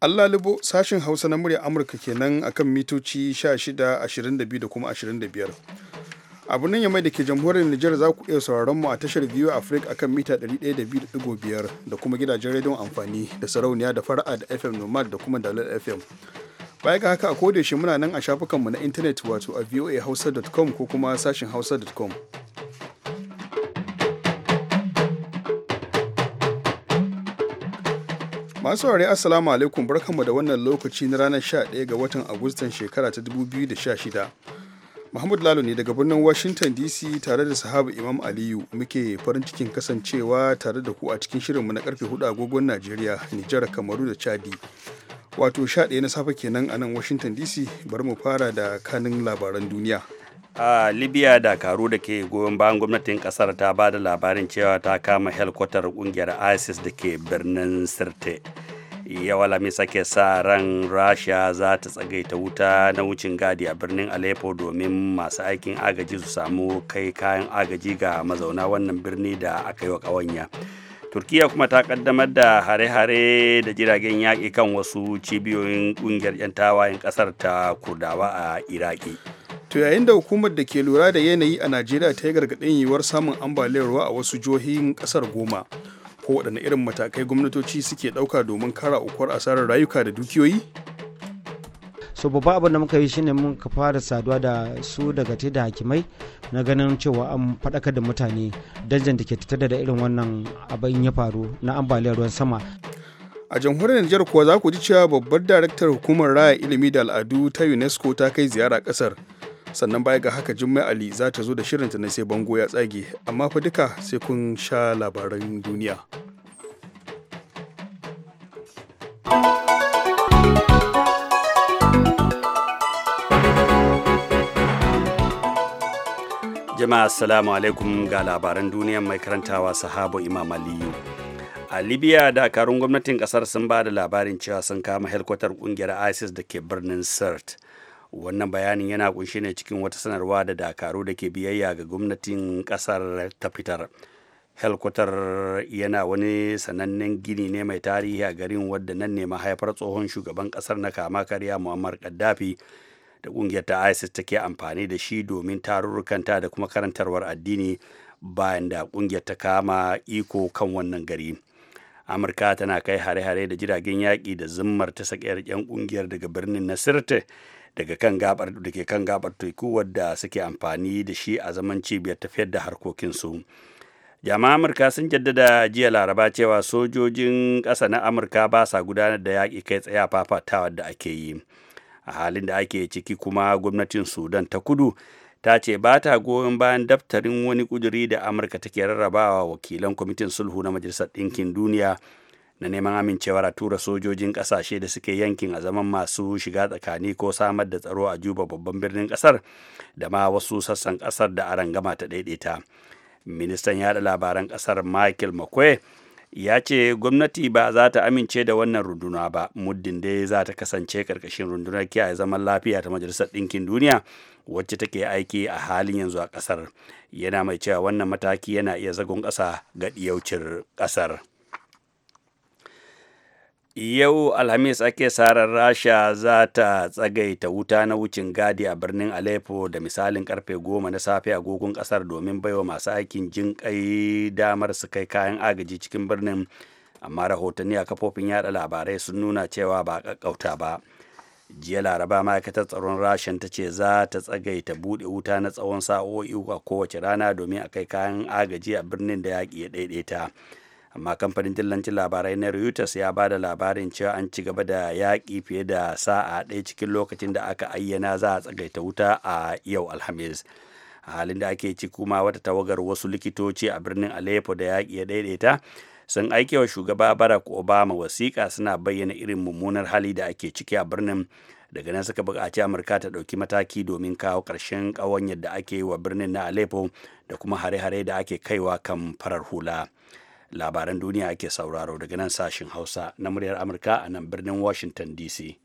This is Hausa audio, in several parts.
Allah Libo sashin Hausa na murya Amurka kenan akan mitoci 16, 22 da kuma 25. abu nan ya mai da ke jamhuriyar Nijar za ku iya sauraron mu a tashar biyu afrik akan mita 102.5 da kuma gidajen rediyon amfani da sarauniya da fara'a da FM Nomad da kuma dalar FM. baya ga haka a shi muna nan a shafukanmu na intanet wato a voahausa.com ko kuma sashin hausa.com masu saurari assalamu alaikum barkanmu da wannan lokaci na ranar 11 ga watan agustan shekara ta 2016 Muhammadu Lalo ne daga birnin Washington DC tare da sahabu Imam Aliyu muke farin cikin kasancewa tare da ku a cikin shirinmu na karfe 4 agogon Najeriya, Nijar, Kamaru da Chadi. wato sha ɗaya na safe kenan a nan washington dc bari mu fara da kanin labaran duniya a libya da karu da ke goyon bayan gwamnatin kasar ta ba da labarin cewa ta kama helikwatar kungiyar isis da ke birnin sirte yawa lami sake sa ran rasha za ta tsagaita wuta na wucin gadi a birnin aleppo domin masu aikin agaji su samu kai kayan agaji ga mazauna wannan birni da aka yi wa ƙawanya. turkiya kuma ta kaddamar da hare-hare da jiragen yaƙi kan wasu cibiyoyin ƙungiyar 'yan tawayen ƙasar ta kurdawa a iraki to yayin da hukumar da ke lura da yanayi a najeriya ta yi gargaɗin yiwuwar samun ambaliyar ruwa a wasu jihohin ƙasar goma ko waɗanne irin matakai gwamnatoci suke ɗauka domin kara ukuwar asarar rayuka da dukiyoyi so babba abin da muka yi shine mun ka fara saduwa da su daga te da hakimai na ganin cewa an faɗakar da mutane danjan da ke tattare da irin wannan abin ya faru na ambaliyar ruwan sama a jamhuriyar Nijar kuwa za ku ji cewa babbar daraktar hukumar raya ilimi da al'adu ta UNESCO ta kai ziyara kasar sannan baya ga haka Jummai Ali za ta zo da shirinta na sai bango ya tsage amma fa duka sai kun sha labaran duniya. jama'a assalamu alaikum ga labaran duniya mai karantawa sahabo imam aliyu a libya dakarun gwamnatin kasar sun ba da labarin cewa sun kama helkwatar kungiyar isis da ke birnin sirt wannan bayanin yana kunshe ne cikin wata sanarwa da dakaru da ke biyayya ga gwamnatin kasar ta fitar helkwatar yana wani sanannen gini ne mai tarihi a garin wadda nan ne mahaifar tsohon shugaban kasar na kama karya muammar gaddafi da ƙungiyar ta isis take amfani da shi domin tarurrukanta da kuma karantarwar addini bayan da ƙungiyar ta kama iko kan wannan gari amurka tana kai hare-hare da jiragen yaƙi da zimmar ta sakayar 'yan kungiyar daga birnin nasirte daga kan gabar da ke kan gabar teku wadda suke amfani da shi a zaman cibiyar tafiyar da harkokinsu jama'a amurka sun jaddada jiya laraba cewa sojojin ƙasa na amurka ba sa gudanar da yaƙi kai tsaye a fafatawar da ake yi a halin da ake ciki kuma gwamnatin sudan ta kudu ta ce ba ta goyon bayan daftarin wani kuduri da amurka take rarrabawa wakilan kwamitin sulhu na majalisar ɗinkin duniya na neman amincewar a tura sojojin ƙasashe da suke yankin a zaman masu shiga tsakani ko samar da tsaro a juba babban birnin ƙasar da ma wasu sassan ƙasar da a rangama ta ɗaiɗaita ministan yada labaran ƙasar michael mcquay ya ce gwamnati ba za ta amince da wannan runduna ba muddin dai za ta kasance karkashin rundunar kiyaye zaman lafiya ta majalisar ɗinkin duniya wacce take aiki a halin yanzu a ƙasar yana mai cewa wannan mataki yana iya zagon ƙasa ga ɗiyaucin ƙasar. Yau Alhamis ake sarar Rasha za ta tsagaita wuta na wucin gadi a birnin Aleppo da misalin karfe goma na safe agogon kasar domin baiwa masu aikin jin kai damar su kai kayan agaji cikin birnin amma rahotanni a kafofin yada labarai sun nuna cewa ba kakauta ba. jiya laraba ma'aikatar tsaron rashin ta ce za ta tsagaita buɗe wuta na tsawon sa'o'i a kowace rana domin a kai kayan agaji a birnin da yaƙi ya ɗaiɗaita amma kamfanin dillancin labarai na reuters ya ba da labarin cewa an ci gaba da yaƙi fiye da sa'a ɗaya cikin lokacin da aka ayyana za a tsagaita wuta a yau alhamis a halin da ake ci kuma wata tawagar wasu likitoci a birnin aleppo da yaƙi ya daidaita sun aike wa shugaba barack obama wasiƙa suna bayyana irin mummunar hali da ake ciki a birnin daga nan suka buƙaci amurka ta ɗauki mataki domin kawo ƙarshen ƙawanyar da ake yi wa birnin na aleppo da kuma hare-hare da ake kaiwa kan farar hula labaran duniya ake sauraro daga nan sashen hausa na muryar amurka a nan birnin washington dc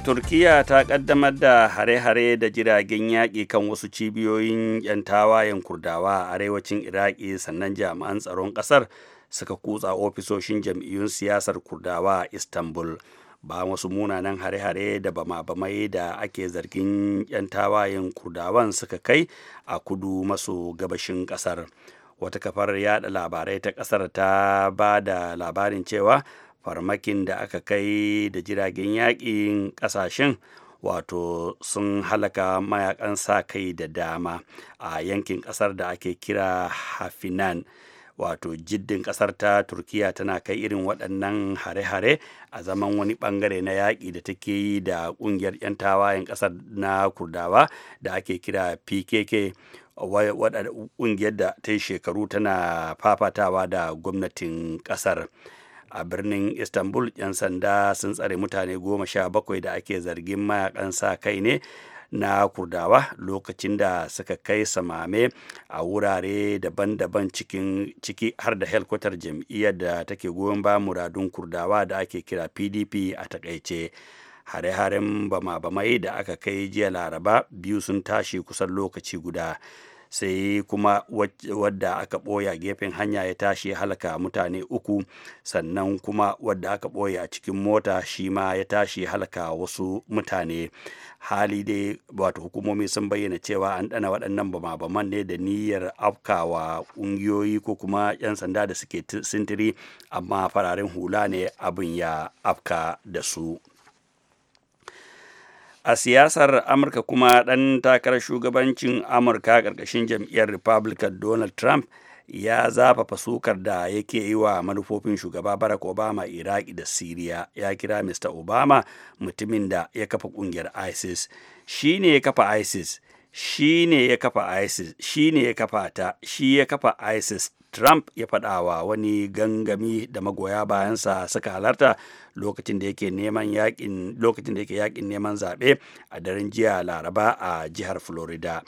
turkiya ta kaddamar da hare-hare da jiragen yaƙi kan wasu cibiyoyin 'yan tawayen kurdawa a arewacin iraki sannan jami'an tsaron ƙasar suka kutsa ofisoshin jam'iyyun siyasar kurdawa a istanbul ba wasu munanan hare-hare da bama-bamai da ake zargin 'yan tawayen kurdawan suka kai a kudu maso gabashin kasar wata kafar yada labarai ta kasar ta ba da labarin cewa farmakin da aka kai da jiragen yaƙin ƙasashen wato sun halaka mayakan sa kai da dama a yankin ƙasar da ake kira hafinan wato jiddin kasar ta turkiya tana kai irin waɗannan hare-hare a zaman wani ɓangare na yaƙi da take yi da ƙungiyar 'yan tawayen ƙasar na kurdawa da ake kira pkk ƙungiyar da ta yi shekaru tana fafatawa da gwamnatin ƙasar a birnin istanbul 'yan sanda sun tsare mutane goma sha bakwai da ake zargin mayakan sa kai ne na kurdawa lokacin da suka kai samame a wurare daban-daban ciki har da helkwatar jam'iyyar da take goyon ba muradun kurdawa da ake kira pdp a takaice hare-haren bama-bamai da aka kai jiya laraba biyu sun tashi kusan lokaci guda sai kuma wadda aka ɓoye a gefen hanya ya tashi halaka mutane uku sannan kuma wadda aka ɓoye a cikin mota shi ma ya tashi halaka wasu mutane hali dai wato hukumomi sun bayyana cewa an ɗana waɗannan bama-baman ne da niyyar afkawa ƙungiyoyi ko kuma 'yan sanda da suke sintiri amma fararen hula ne abin ya afka da su. a siyasar amurka kuma ɗan takarar shugabancin amurka ƙarƙashin jam'iyyar republican donald trump ya zafafa sukar da yake yi wa manufofin shugaba barack obama iraki da siriya ya kira mr obama mutumin da ya kafa ƙungiyar isis shi ne ya kafa isis shi ne ya kafa isis shi ne ya kafa ta shi ya kafa isis Trump ya faɗa wa wani gangami da magoya bayansa suka halarta lokacin da yake neman yakin lokacin da yake yakin neman zaɓe a daren jiya Laraba a jihar Florida.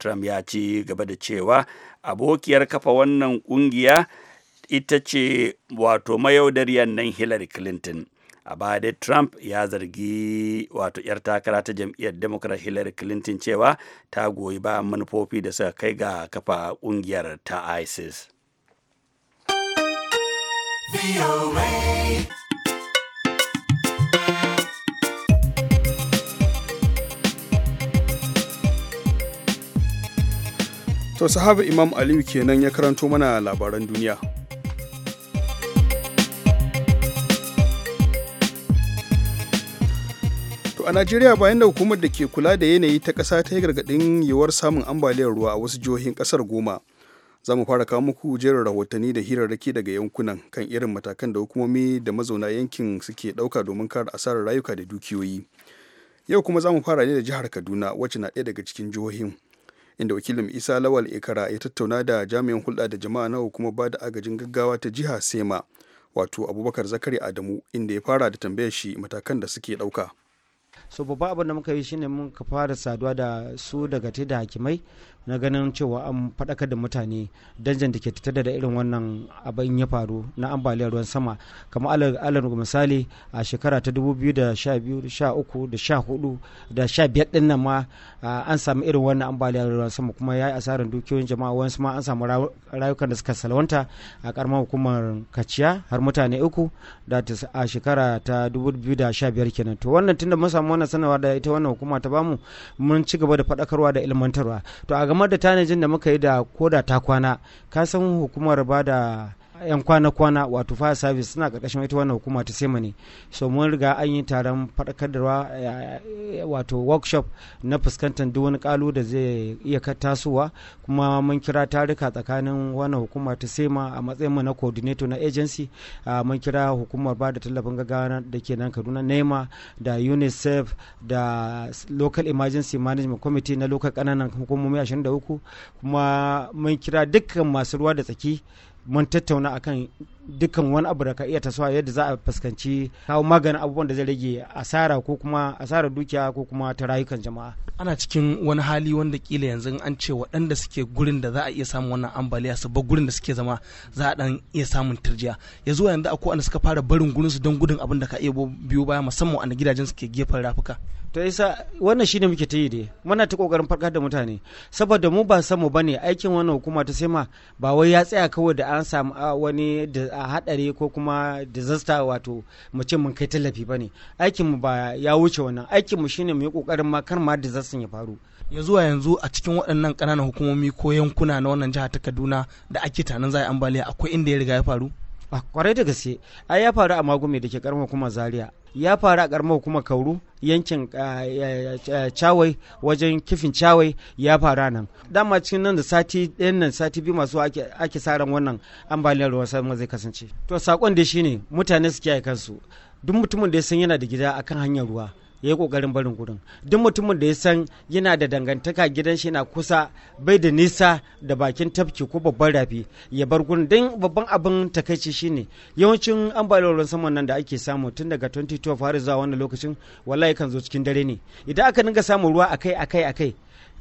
Trump ya ci gaba da cewa abokiyar kafa wannan kungiya ita ce wato mayaudariyar nan Hillary Clinton. a baya trump ya zargi wato 'yar takara ta jam'iyyar democrat hillary clinton cewa ta goyi ba manufofi da suka kai ga kafa ƙungiyar ta isis To sahaba Imam Aliyu kenan ya karanto mana labaran duniya. To a Najeriya bayan da hukumar da ke kula da yanayi ta ƙasa ta yi gargaɗin yiwuwar samun ambaliyar ruwa a wasu jihohin ƙasar goma. za mu fara kawo muku jerin rahotanni da hirarraki daga yankunan kan irin matakan da hukumomi da mazauna yankin suke ɗauka domin kare asarar rayuka da dukiyoyi yau kuma za mu fara ne da jihar kaduna wacce na ɗaya daga cikin jihohin inda wakilin isa lawal ikara ya tattauna da jami'in hulɗa da jama'a na kuma ba da agajin gaggawa ta jiha sema wato abubakar zakari adamu inda ya fara da tambayar shi matakan da suke ɗauka so babba abin da muka yi shine ka fara saduwa da su daga da hakimai na ganin cewa an faɗakar da mutane danjan da ke tattare da irin wannan abin ya faru na ambaliyar ruwan sama kamar alal misali a shekara ta 2013 da 14 da 15 din nan ma an samu irin wannan ambaliyar ruwan sama kuma ya yi asarar dukiyoyin jama'a wasu ma an samu rayukan da suka salwanta a karamar hukumar kaciya har mutane uku da a shekara ta 2015 kenan to wannan tunda mun samu wannan sanarwa da ita wannan hukuma ta bamu mun ci gaba da faɗakarwa da ilmantarwa to a game da tanajin da muka yi da koda ta kwana ka san hukumar ba da yan kwana-kwana wato fire service suna karkashin ita wannan hukuma ta sema ne so mun riga an yi taron faɗakarwa eh, wato workshop na fuskantar duk wani kalu da zai iya tasowa kuma mun kira tarika tsakanin wannan hukuma ta sema a matsayin mu na coordinator na agency ah, mun kira hukumar ba da tallafin gaggawa da ke nan kaduna nema da unicef da local emergency management committee na local kananan hukumomi 23 kuma mun kira dukkan masu ruwa da tsaki mun tattauna akan dukkan wani abu da ka iya tasowa yadda za a fuskanci kawo maganin abubuwan da zai rage asara ko kuma asara dukiya ko kuma ta rayukan jama'a ana cikin wani hali wanda kila yanzu an ce waɗanda suke gurin da za a iya samun wannan ambaliya su bar gurin da suke zama za a dan iya samun tirjiya ya zuwa yanzu akwai wanda suka fara barin gurin su don gudun abin da ka iya biyu baya musamman wanda gidajen suke gefen rafuka to isa wannan shine muke ta yi dai muna ta kokarin farkar da mutane saboda mu ba samu bane aikin wannan hukuma ta sema ba wai ya tsaya kawai da an samu wani da A hadari ko kuma disaster wato mu ce mun kai tallafi ba ne aikin mu ba ya wuce wannan aikin mu shine mu yi kokarin ma kar ma disaster ya faru ya zuwa yanzu a cikin waɗannan ƙananan hukumomi ko yankuna na wannan jiha ta kaduna da ake tanan za a yi ambaliya akwai inda ya riga ya faru a kwarai da gaske ai ya faru a magume da ke karamar kuma zaria ya faru a karamar hukumar kauru yankin ah, ah, ah, cawai wajen kifin cawai ya faru nan dama cikin nan da sati ɗayan nan sati biyu masu ake sa wannan ambaliyar ruwan sama zai kasance to sakon da shine mutane su kiyaye kansu duk mutumin da ya san yana da gida akan hanyar ruwa ya yi kokarin barin gurin duk mutumin da ya san yana da dangantaka gidan shi na kusa bai da nisa da bakin tafki ko babban rafi ya bar gurin don babban abin takaici shine yawancin ambaliyar saman nan da ake samu tun daga 2012 har zuwa wannan lokacin wallahi kan zo cikin dare ne idan aka dinga samun ruwa akai akai akai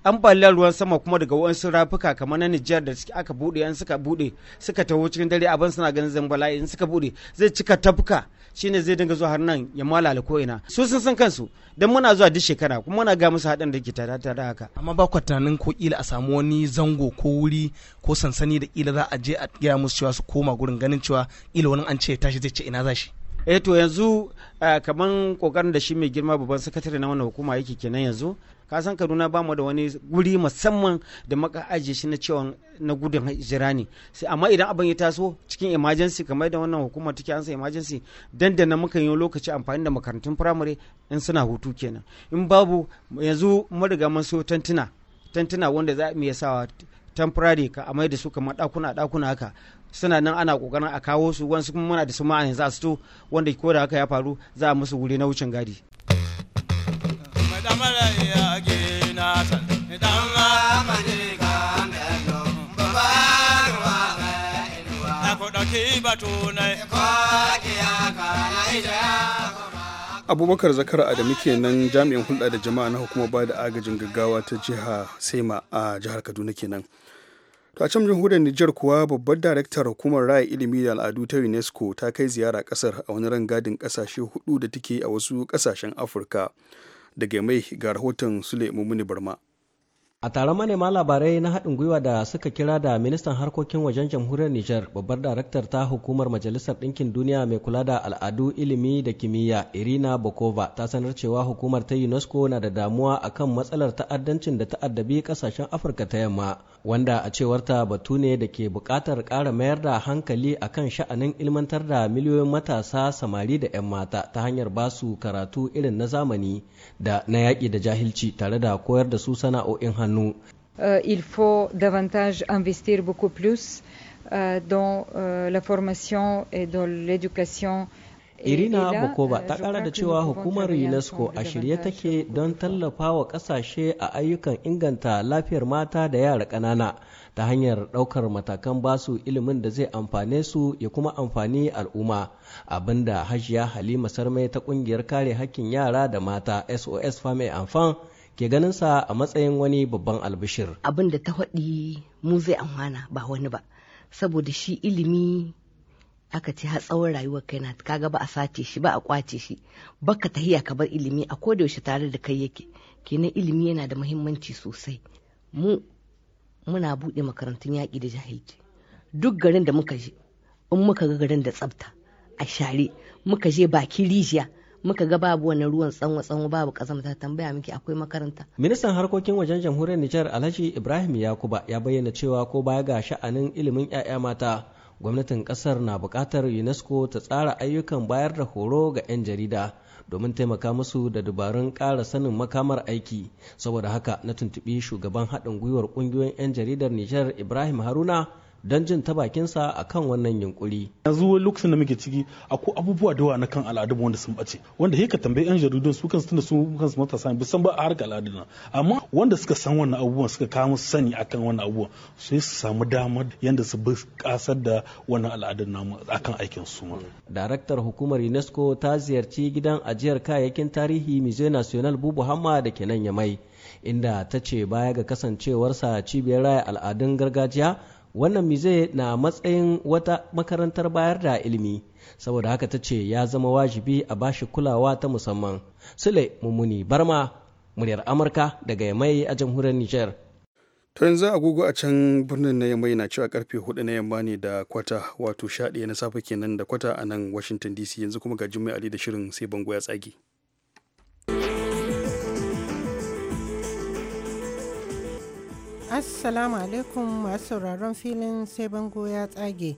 ambaliyar ruwan sama kuma daga wasu rafuka kamar na Nijar da aka bude an suka bude suka taho cikin dare abin suna ganin zambala in suka bude zai cika tafka shine zai dinga zuwa har nan ya malala ko ina su sun san kansu dan muna zuwa duk shekara kuma muna ga musu hadin da ke tare tada haka amma ba ku tunanin ko kila a samu wani zango ko wuri ko sansani da kila za a je a gaya musu cewa su koma gurin ganin cewa kila wani an ce tashi zai ce ina za eh to yanzu eh, kaman kokarin da shi mai girma babban sakatare na wannan hukuma yake kenan yanzu ka san kaduna ba mu da wani guri musamman da maka ajiye shi na cewa na gudun hijira ne sai amma idan abin ya taso cikin emergency kamar da wannan hukumar take ansa emergency dandana muka yi lokaci amfani da makarantun firamare in suna hutu kenan in babu yanzu mun riga mun so tantuna tantuna wanda za mu iya sawa temporary ka amai da su kamar dakuna dakuna haka suna nan ana kokarin a kawo su wasu kuma muna da su ma'ani za su to wanda ko da haka ya faru za a musu wuri na wucin gadi. abubakar zakar adamu kenan jami'in hulɗa da jama'a na hukumar ba da agajin gaggawa ta jiha sema a jihar kaduna kenan to a can jamhuriyar nijar kuwa babbar daraktar hukumar raya ilimi da al'adu ta unesco ta kai ziyara kasar a wani rangadin kasashe hudu da take a wasu kasashen afirka daga mai ga rahoton sule mumuni barma A taron manema labarai na haɗin gwiwa da suka kira da ministan harkokin wajen jamhuriyar Nijar babbar daraktar ta hukumar Majalisar Ɗinkin Duniya mai kula da al'adu, ilimi da kimiyya Irina Bokova ta sanar cewa hukumar ta UNESCO na da damuwa akan matsalar ta'addancin da ta'addabi ƙasashen Afirka ta yamma wanda a cewarta batu ne da ke buƙatar ƙara mayar da hankali akan sha'anin ilmantar da miliyoyin matasa samari da 'yan mata ta hanyar basu karatu irin na zamani da na yaƙi da jahilci tare da koyar da su sana'o'in hannu. nous. Euh, il faut davantage investir beaucoup plus euh, dans euh, la formation et dans l'éducation. Irina Bokova ta euh, kara da cewa hukumar UNESCO a shirye take don tallafa wa kasashe a ayyukan inganta lafiyar mata da yara ƙanana ta hanyar ɗaukar matakan basu ilimin da zai amfane su ya kuma amfani al'umma abinda hajiya halima sarmai ta ƙungiyar kare hakkin yara da mata sos fame amfan ke ganin sa a matsayin wani babban albishir. Abin da ta faɗi mu zai amfana ba wani ba, saboda shi ilimi aka ce har tsawon rayuwar kai na kaga ba a sace shi ba a kwace shi baka tahiya ka bar ilimi a koda yaushe tare da kai yake kenan ilimi yana da muhimmanci sosai mu muna buɗe makarantun yaƙi da jahilci duk garin da muka je in muka ga garin da tsabta, a share muka je baki rijiya muka ga babu wani ruwan tsanwa tsanwa babu ta tambaya miki akwai makaranta ministan harkokin wajen jamhuriyar Nijar Alhaji Ibrahim Yakuba ya bayyana cewa ko baya ga sha'anin ilimin 'ya'ya mata gwamnatin kasar na buƙatar UNESCO ta tsara ayyukan bayar da horo ga 'yan jarida domin taimaka musu da dabarun ƙara sanin makamar aiki saboda haka na tuntubi shugaban haɗin gwiwar ƙungiyoyin 'yan jaridar Nijar Ibrahim Haruna don jin ta bakinsa a kan wannan yunkuri. yanzu wani lokacin da muke ciki akwai abubuwa da yawa na kan al'adun wanda sun bace wanda heka tambayi yan jaridun su kansu tunda su kansu matasa ba san ba a harkar na amma wanda suka san wannan abubuwan suka kawo musu sani akan wannan abubuwan yi su samu damar yanda su bi kasar da wannan al'adun namu kan aikin su ma. daraktar hukumar unesco ta ziyarci gidan ajiyar kayayyakin tarihi musée national bubu hamma da ke nan mai inda ta ce baya ga kasancewarsa cibiyar raya al'adun gargajiya wannan mize na matsayin wata makarantar bayar da ilimi saboda haka ta ce ya zama wajibi a bashi kulawa ta musamman sule mummuni barma muryar amurka daga yamai a jamhuriyar niger to yanzu agogo a can birnin na yamai na cewa karfe hudu na yamma ne da kwata wato sha na safe kenan da kwata a nan washington dc yanzu kuma ga jimmy ali da shirin sai bango ya tsage Assalamu alaikum masu sauraron filin sai bango ya tsage.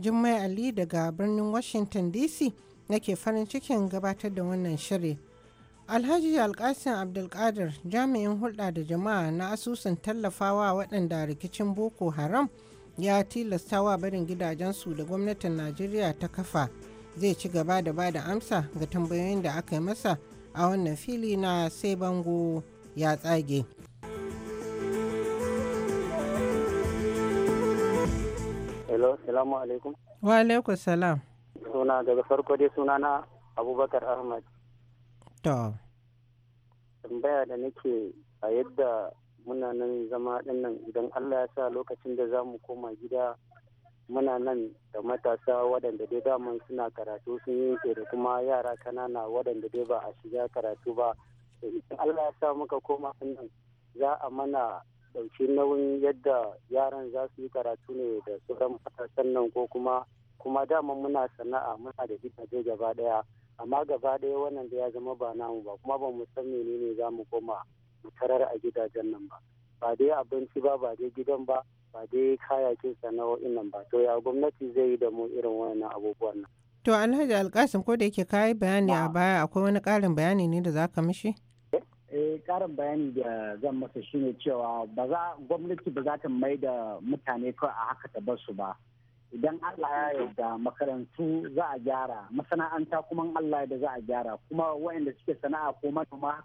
Jummai Ali daga birnin Washington DC nake farin cikin gabatar da wannan shirin. Alhaji Alkasin Abdulkadir jami'in hulɗa da jama'a na asusun tallafawa waɗanda rikicin Boko Haram ya tilasta wa barin gidajensu da gwamnatin Najeriya ta kafa zai ci gaba da ba da amsa ga tambayoyin da aka yi masa a wannan fili na sai bango ya tsage. hello salamu alaikum wa alaikum salam suna daga farko dai suna na abubakar ahmad to tambaya da nake a yadda muna nan zama dinnan idan allah ya sa lokacin da za mu koma gida muna nan da matasa waɗanda dai daman suna karatu sun yanke da kuma yara kanana waɗanda dai ba a shiga karatu ba idan allah ya sa muka koma nan za a mana ɗauki nauyin yadda yaran za su yi karatu ne da sauran matasan nan ko kuma kuma dama muna sana'a muna da gidaje gaba daya amma gaba ɗaya wannan da ya zama ba namu ba kuma ba mu san menene za mu koma mu tarar a gidajen nan ba ba dai abinci ba ba dai gidan ba ba dai kayakin sana'o'in nan ba to ya gwamnati zai yi da mu irin wannan abubuwan nan. to alhaji alkasim ko da yake kayi bayani a baya akwai wani ƙarin bayani ne da za ka mishi. eh karin bayani da zan masa shine cewa ba za gwamnati ba za ta mai da mutane kawai a haka ta basu ba idan allah ya yarda makarantu za a gyara masana'anta kuma allah da za a gyara kuma waɗanda suke sana'a ko manoma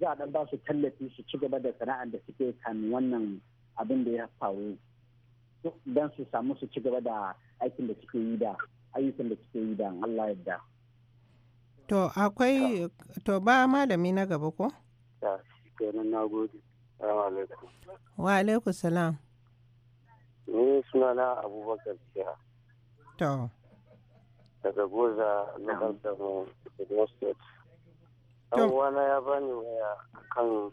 za a dan ba su tallafi su ci gaba da sana'ar da suke kan wannan abin da ya faru don su samu su ci gaba da aikin da suke yi da ayyukan da suke yi da allah yarda to akwai to ba malami na gaba ko shi kenan na gode salamu alaikum wa alaikum salam ni suna na abubakar siya to daga goza na kantar Borno State. Ɗan'uwana ya bani waya kan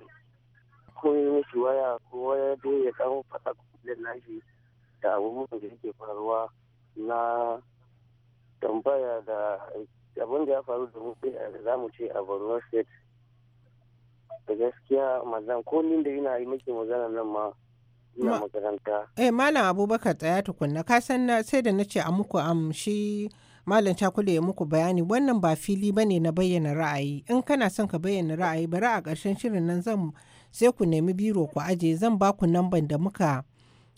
ko yi mishi waya ko waya dai ya ɗan faɗa kuɗin nashi da abubuwan da yake faruwa na tambaya da abin da ya faru da mu da eh, za mu ce a Borno State da gaskiya mazan ko ni da ina yi miki magana nan ma ina makaranta eh malam abubakar tsaya tukunna ka san na sai da nace a muku amshi malam cakule ya muku bayani wannan ba fili bane na bayyana ra'ayi in kana son ka bayyana ra'ayi bari a karshen shirin nan zan sai ku nemi biro ku aje zan ba ku lambar da muka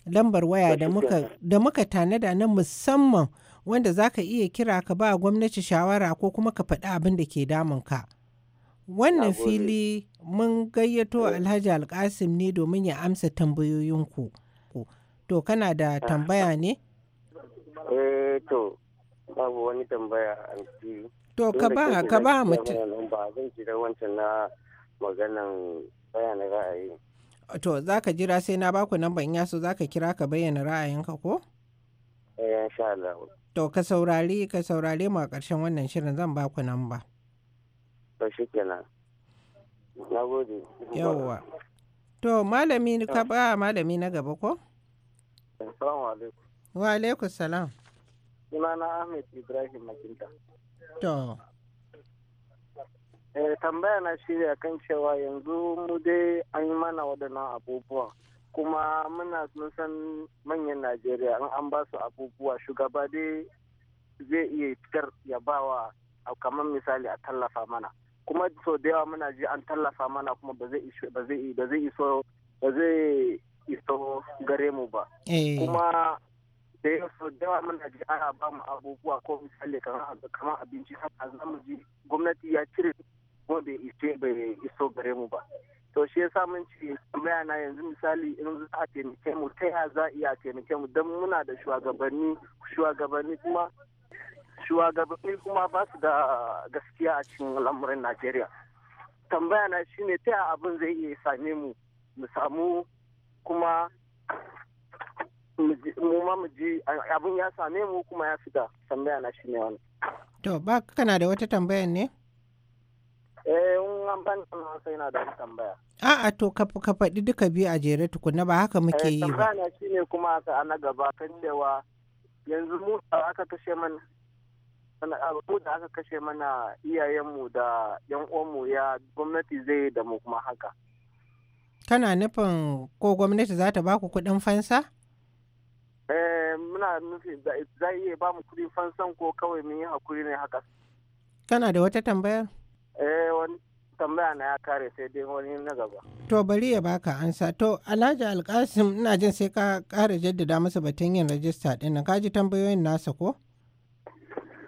lambar waya da muka da muka tanada na musamman wanda za ka iya kira ka ba gwamnati shawara ko kuma ka faɗi abin da ke damun ka. Wannan fili mun gayyato eh. alhaji alkasim ne domin ya amsa tambayoyinku to kana da ah. tambaya ne? eh to babu wani tambaya to ka ba ka ba mutum ba zan jira wancan na maganan bayanin ra'ayi to za ka jira sai na baku nan ban yaso za ka kira ka bayyana ra'ayinka ko? eh insha Allah to ka saurari ka saurare mu a ƙarshen wannan shirin zan baku nan ba to shikenan Yawwa. To malami ka ba malami na gaba ko? Wa salam. Sunana Ahmed Ibrahim Makinta. To. Eh, tambaya na shirya kan cewa yanzu mu dai an yi mana waɗannan abubuwa kuma muna mun san manyan Najeriya in an ba su abubuwa shugaba dai zai iya fitar ya bawa kamar misali a tallafa mana. kuma sau da yawa muna ji an tallafa mana kuma ba zai iso ba zai iso gare mu ba eh. kuma da yawa sau da yawa muna ji ana ba mu abubuwa ko misali kamar abinci haka za mu ji gwamnati ya cire kuma bai iso bai iso gare mu ba to shi yasa mun ce tambaya na yanzu misali in za a taimake mu ta ya za a iya taimake mu don muna da shugabanni shugabanni kuma shugabanni kuma ba su da gaskiya a cikin al'amuran najeriya tambaya na ne ta abin zai iya same mu mu samu kuma mu ma mu ji abin ya same mu kuma ya fita tambaya na shi ne wani to ba kana da wata tambaya ne eh in an ban sai na da tambaya a'a to ka ka faɗi duka biyu a jere tukuna ba haka muke eh, yi ba tambaya na shi ne kuma a ana gaba kan cewa yanzu mu aka kashe mana sana'ar da aka kashe mana iyayenmu da yan uwanmu ya gwamnati zai da mu kuma haka kana nufin ko gwamnati za ta baku kuɗin fansa eh muna nufin za iya ba mu kuɗin fansan ko kawai mun yi hakuri ne haka kana da wata tambayar eh wani tambaya na ya kare sai dai wani na gaba. To bari ya baka ansa. To Alhaji Alkasim ina jin sai ka kara jaddada masa batun yin rajista ɗin ka ji tambayoyin nasa ko?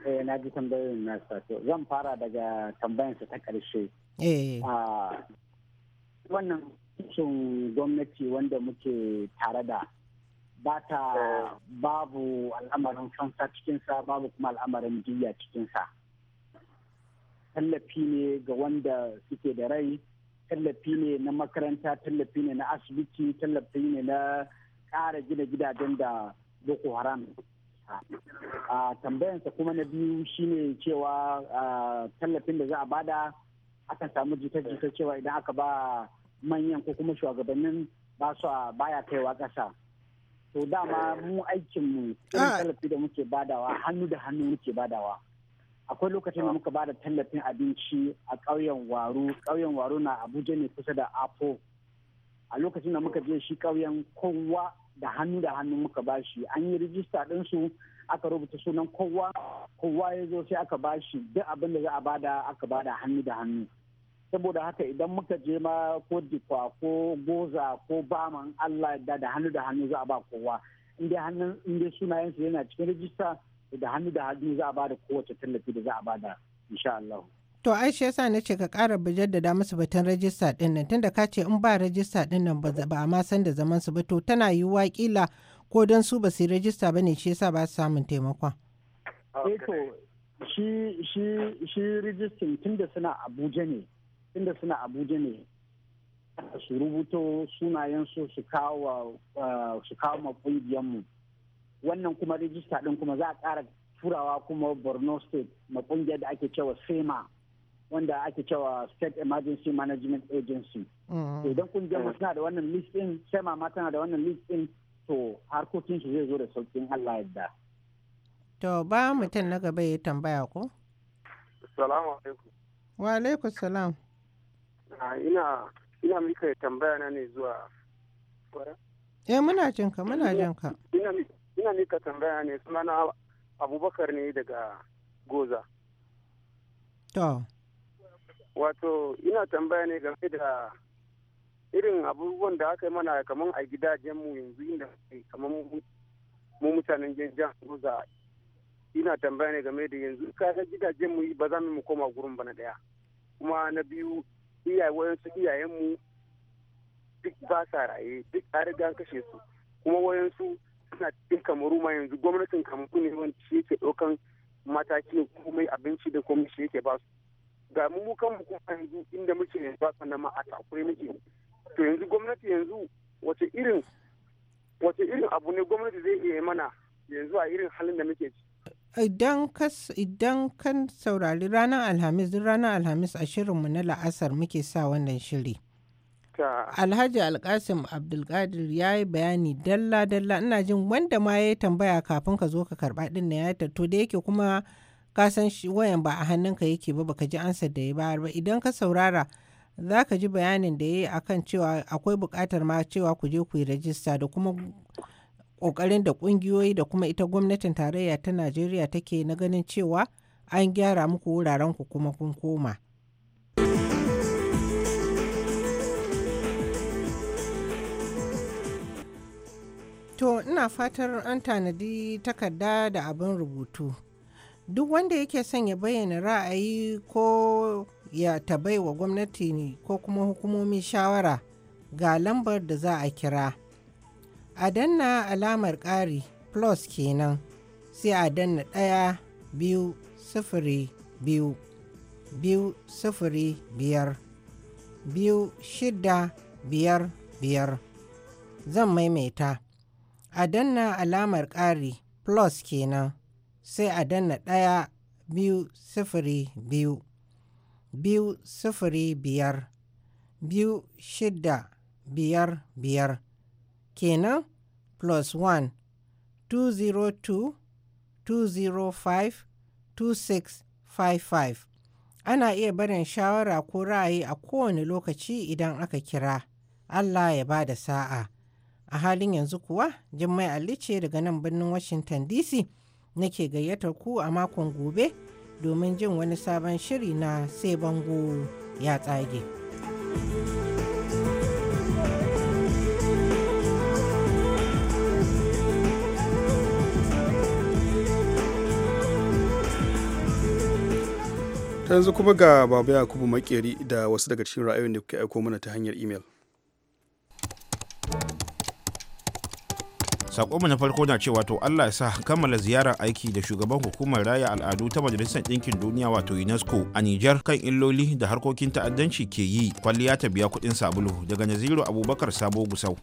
Eh na ji tambayoyin nasa to zan fara daga tambayansa ta karshe Eh. Ah, wannan cikin gwamnati wanda muke tare da ba ta babu al'amarin fansa sa babu kuma al'amarin jiya sa Tallafi ne ga wanda suke da rai, tallafi ne na makaranta, tallafi ne na asibiti, tallafi ne na ƙara gina gidajen da Boko Haram kansa a tambayansa kuma na biyu shine cewa tallafin da za a bada akan samu jita-jita cewa idan aka ba manyan ko kuma shugabannin ba su baya kaiwa ƙasa to dama mu aikinmu ah. tallafi da muke badawa hannu da hannu muke badawa akwai lokacin da ah. muka bada tallafin abinci a ƙauyen waru ƙauyen waru na abuja ne kusa da apo a lokacin da muka je shi ƙauyen kowa da hannu da hannu muka bashi an yi rijista ɗinsu aka rubuta sunan kowa kowa ya zo sai aka bashi duk abin da za a bada aka bada hannu da hannu saboda haka idan muka je ma ko dikwa ko goza ko baman allah da da hannu da hannu za a ba kowa inda hannun inda sunayensu yana cikin rijista da hannu da hannu za a bada kowace tallafi da za a bada insha Allah. To Aisha yasa na ce ka ƙara jaddada musu batun rajista ɗin nan tunda ka ce in ba rajista ɗin nan ba a ma san da zaman su ba to tana yiwuwa kila ko don su ba su rajista ba ne shi yasa ba su samun taimakon. Eh to shi shi shi tunda suna Abuja ne tunda suna Abuja ne su rubuto sunayen su su kawo ah, su kawo ma kungiyar mu wannan kuma rajista ɗin kuma za a ƙara turawa kuma Borno State ma kungiyar da ake cewa SEMA wanda ake cewa state emergency management agency mm-hmm. idan kungiyar mu suna da wannan list din sai mama tana da wannan list din to harkokin shi zai zo da saukin Allah yadda to ba mutum na gaba ya tambaya ko salamu alaikum wa alaikum salam ah, ina ina mika tambaya na ne zuwa eh muna jinka muna jinka ina ina mika tambaya ne sunana abubakar ne daga goza to Wato ina tambaya ne game da irin abubuwan da aka yi mana kamar a gidajenmu yanzu inda kamar mu mutanen jan ruza ina tambaya ne game da yanzu kaga gidajenmu ba za mu koma gurin ba na daya kuma na biyu iyaye wayansu iyayenmu duk ba sa raye duk a riga kashe su kuma wayansu suna cikin kamaru ma yanzu gwamnatin kamaru ne wanda shi yake ɗaukan matakin komai abinci da komai shi yake ba su ga mu kanmu kuma yanzu inda muke ba sannan ma a takure muke to yanzu gwamnati yanzu wace irin wace irin abu ne gwamnati zai iya mana yanzu a irin halin da muke ci idan ka idan kan saurari ranar alhamis duk ranar alhamis a shirinmu na la'asar muke sa wannan shiri alhaji alkasim abdulkadir ya yi bayani dalla dalla ina jin wanda ma ya yi tambaya kafin ka zo ka karba din na ya to da yake kuma ka san shi wayan ba a hannunka yake ba baka ji ansa da ya bayar ba idan ka saurara za ka ji bayanin da ya yi akan cewa akwai bukatar ma cewa ku je ku yi rajista da kuma ƙoƙarin da ƙungiyoyi da kuma ita gwamnatin tarayya ta najeriya take na ganin cewa an gyara muku wuraren ku kuma kun koma. To ina fatar an tanadi takarda da abin rubutu. duk wanda yake son ya bayyana ra'ayi ko ya tabai wa gwamnati ne ko kuma hukumomi shawara ga lambar da za a kira a danna alamar ƙari plus kenan sai a danna ɗaya biyu sufuri biyu biyu sufuri biyar biyu shida biyar biyar zan maimaita a danna alamar ƙari plus kenan sai a danna ɗaya biyu sifiri biyu biyu sifiri biyar biyu shida biyar biyar kenan plus one two zero two two zero five two six five five ana iya barin shawara ko ra'ayi a kowane lokaci idan aka kira Allah ya ba da sa'a a halin yanzu kuwa Jummai Ali ce daga nan birnin Washington DC nake gayyatar ku a makon gobe domin jin wani sabon shiri na sai bango ya tsage. yanzu kuma ga baba yakubu makeri da wasu daga cikin ra'ayoyin da kuke aiko mana ta hanyar imel. sakonmu na farko na cewa to allah ya sa kammala ziyarar aiki da shugaban hukumar raya al'adu ta majalisar ɗinkin duniya wato unesco a nijar kan illoli da harkokin ta'addanci ke yi kwalliya ta biya kuɗin sabulu daga naziru abubakar sabo gusau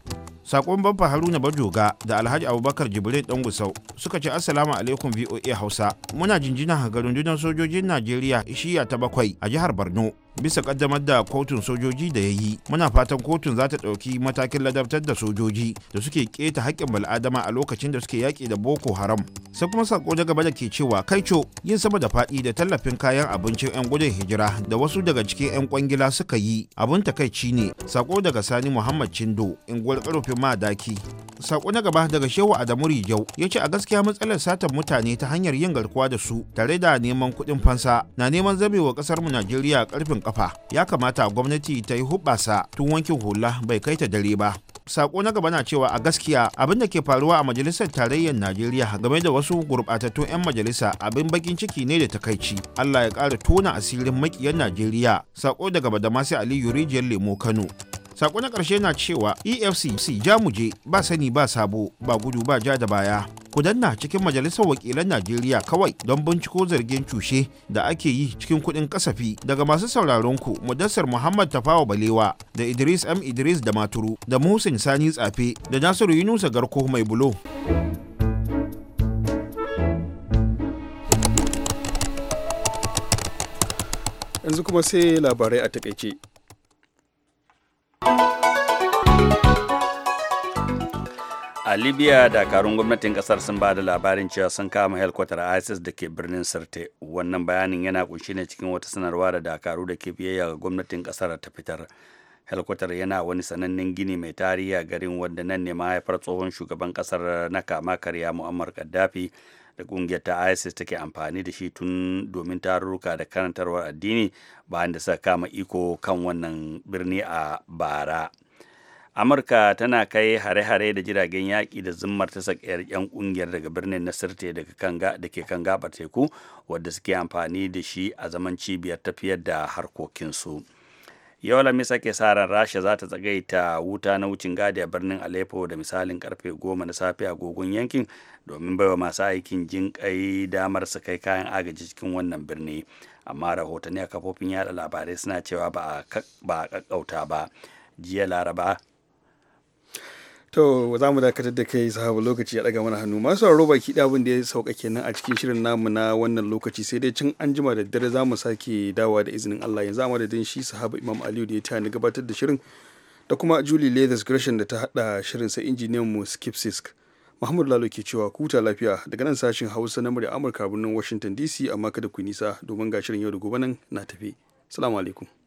sakon Bamfa haruna bajoga da alhaji abubakar jibril ɗan gusau suka ce assalamu alaikum voa hausa muna jinjina ga rundunar sojojin najeriya shiya ta bakwai a jihar borno bisa kaddamar da kotun sojoji da ya yi muna fatan kotun za ta ɗauki matakin ladabtar da sojoji da suke keta haƙƙin bal'adama a lokacin da suke yaƙi da boko haram sai kuma sako da gaba da ke cewa kai co yin sama da faɗi da tallafin kayan abincin 'yan gudun hijira da wasu daga cikin 'yan kwangila suka yi abin takaici ne sako daga sani muhammad cindo karofin karfin madaki sako na gaba daga shehu adamu rijau ya ce a gaskiya matsalar satar mutane ta hanyar yin garkuwa da su tare da neman kuɗin fansa na neman zabewa ƙasarmu najeriya karfin kafa ya kamata gwamnati ta yi hubbasa tun wankin hula bai kai ta dare ba sako na gaba na cewa a gaskiya abin da ke faruwa a majalisar tarayyar najeriya game da wasu gurbatattun 'yan majalisa abin bakin ciki ne da takaici allah ya ƙara tona asirin makiyan najeriya sako daga badamasi aliyu rijiyar lemo kano sako na ƙarshe na cewa efcc jamuje ba sani ba sabo ba gudu ba ja da baya ku danna cikin majalisar wakilan najeriya kawai don binciko zargin cushe da ake yi cikin kudin kasafi daga masu sauraron ku mudassar muhammad tafawa balewa da idris m idris da maturu da muhsin sani tsafe da nasiru yunusa garko mai bulo yanzu kuma sai labarai a takaice a libya dakarun gwamnatin kasar sun ba da labarin cewa sun kama helkwatar isis da ke birnin sirte wannan bayanin yana kunshi ne cikin wata sanarwa da dakaru da ke biyayya ga gwamnatin kasar ta fitar helkwatar yana wani sanannen gini mai tarihi a garin wanda nan ne mahaifar tsohon shugaban kasar na kama karya muammar gaddafi da kungiyar ta isis take amfani da shi tun domin tarurruka da karantarwar addini bayan da suka kama iko kan wannan birni a bara amurka tana kai hare-hare da jiragen yaƙi da zimmar ta sakayar 'yan ƙungiyar daga birnin nasirte da ke kan gabar teku wadda suke amfani da shi a zaman cibiyar tafiyar da harkokinsu yau lamisa sake sa ran rasha za ta tsagaita wuta na wucin gadi a birnin aleppo da misalin karfe 10 na safe a agogon yankin domin baiwa masu aikin jin kai damar su kai kayan agaji cikin wannan birni amma rahotanni a kafofin yada labarai suna cewa ba a kakkauta ba jiya laraba To za mu dakatar da kai sahabu lokaci ya daga mana hannu masu sauraro baki da abin da ya sauka kenan a cikin shirin namu na wannan lokaci sai dai cin anjima da dare za mu sake dawa da izinin Allah yanzu da din shi sahabu Imam Aliyu da ya ta ni gabatar da shirin da kuma Julie Leathers Gresham da ta hada shirin sa injiniyan mu Skip Sisk. Muhammad Lalo ke cewa kuta lafiya daga nan sashin Hausa na murya Amurka birnin Washington DC amma kada ku nisa domin ga shirin yau da gobe nan na tafi. Assalamu alaikum.